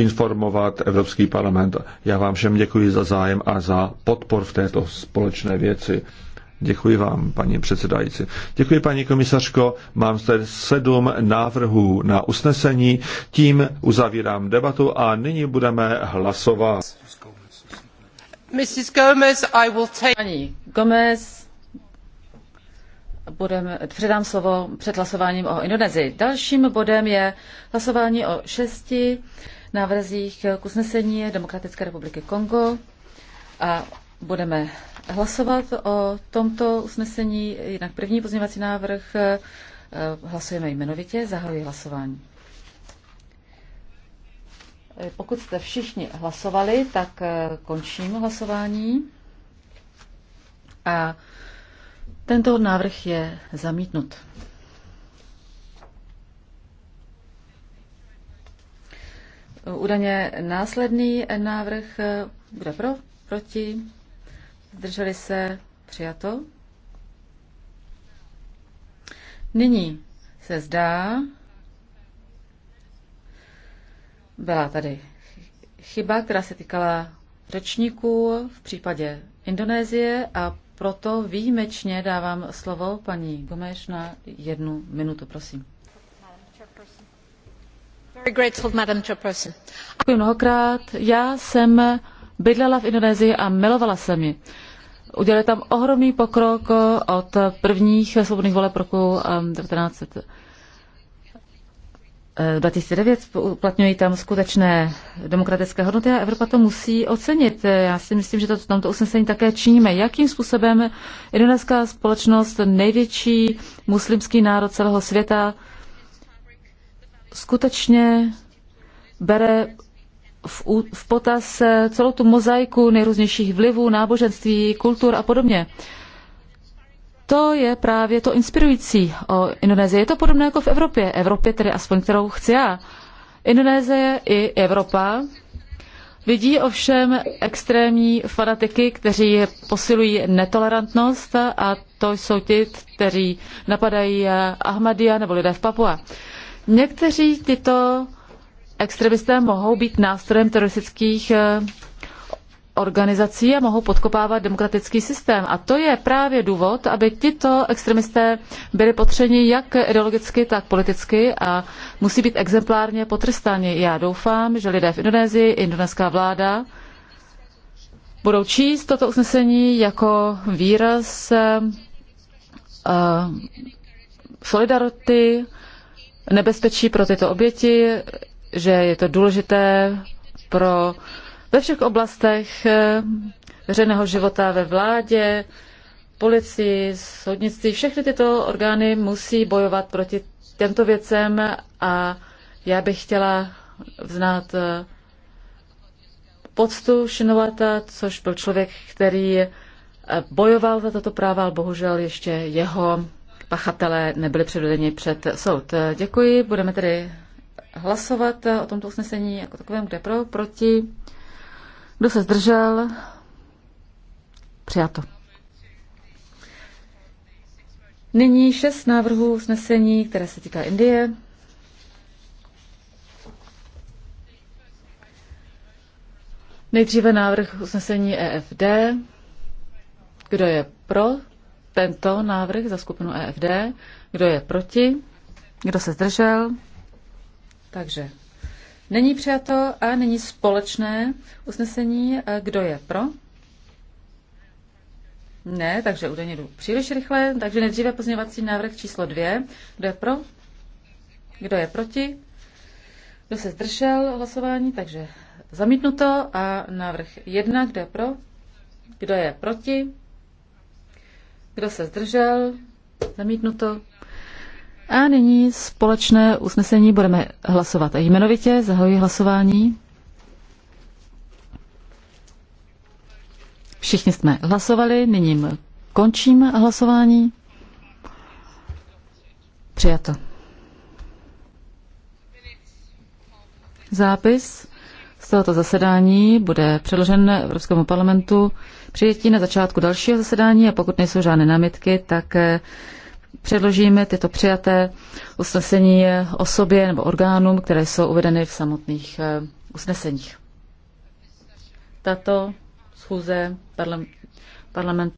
informovat Evropský parlament. Já vám všem děkuji za zájem a za podpor v této společné věci. Děkuji vám, paní předsedající. Děkuji, paní komisařko. Mám zde sedm návrhů na usnesení. Tím uzavírám debatu a nyní budeme hlasovat. Mrs. Gomez, I will take... Pani Gomez, budeme, předám slovo před hlasováním o Indonésii. Dalším bodem je hlasování o šesti návrzích k usnesení Demokratické republiky Kongo a budeme hlasovat o tomto usnesení. Jinak první pozměňovací návrh eh, hlasujeme jmenovitě, zahajuji hlasování. Eh, pokud jste všichni hlasovali, tak eh, končím hlasování. A tento návrh je zamítnut. Eh, údajně následný eh, návrh eh, bude pro, proti, zdrželi se, přijato. Nyní se zdá, byla tady chyba, která se týkala řečníků v případě Indonésie a proto výjimečně dávám slovo paní Gomeš na jednu minutu, prosím. Děkuji mnohokrát. Já jsem bydlela v Indonésii a milovala jsem ji. Udělali tam ohromný pokrok od prvních svobodných voleb roku 19. 2009 eh, uplatňují tam skutečné demokratické hodnoty a Evropa to musí ocenit. Já si myslím, že to v tomto usnesení také činíme. Jakým způsobem indonéská společnost, největší muslimský národ celého světa, skutečně bere v, v potaz eh, celou tu mozaiku nejrůznějších vlivů, náboženství, kultur a podobně. To je právě to inspirující o Indonésii. Je to podobné jako v Evropě. Evropě tedy aspoň, kterou chci já. Indonésie i Evropa vidí ovšem extrémní fanatiky, kteří posilují netolerantnost a to jsou ti, kteří napadají Ahmadia nebo lidé v Papua. Někteří tyto extremisté mohou být nástrojem teroristických eh, organizací a mohou podkopávat demokratický systém. A to je právě důvod, aby tito extremisté byli potřeni jak ideologicky, tak politicky a musí být exemplárně potrestáni. Já doufám, že lidé v Indonésii, indonéská vláda budou číst toto usnesení jako výraz uh, solidarity, nebezpečí pro tyto oběti, že je to důležité pro ve všech oblastech eh, veřejného života ve vládě, policii, soudnictví, všechny tyto orgány musí bojovat proti těmto věcem a já bych chtěla vznát eh, poctu Šinovata, což byl člověk, který eh, bojoval za tato práva, ale bohužel ještě jeho pachatelé nebyli předvedeni před soud. Děkuji, budeme tedy hlasovat o tomto usnesení jako takovém, kde pro, proti. Kdo se zdržel? Přijato. Nyní šest návrhů usnesení, které se týká Indie. Nejdříve návrh usnesení EFD. Kdo je pro tento návrh za skupinu EFD. Kdo je proti? Kdo se zdržel? Takže není přijato a není společné usnesení. Kdo je pro? Ne, takže údajně jdu příliš rychle. Takže nejdříve pozměňovací návrh číslo dvě. Kdo je pro? Kdo je proti? Kdo se zdržel hlasování? Takže zamítnuto. A návrh jedna. Kdo je pro? Kdo je proti? Kdo se zdržel? Zamítnuto. A nyní společné usnesení budeme hlasovat jmenovitě. Zahoji hlasování. Všichni jsme hlasovali, nyní končím hlasování. Přijato. Zápis tohoto zasedání bude předložen Evropskému parlamentu přijetí na začátku dalšího zasedání a pokud nejsou žádné námitky, tak eh, předložíme tyto přijaté usnesení eh, osobě nebo orgánům, které jsou uvedeny v samotných eh, usneseních. Tato schůze parlamentu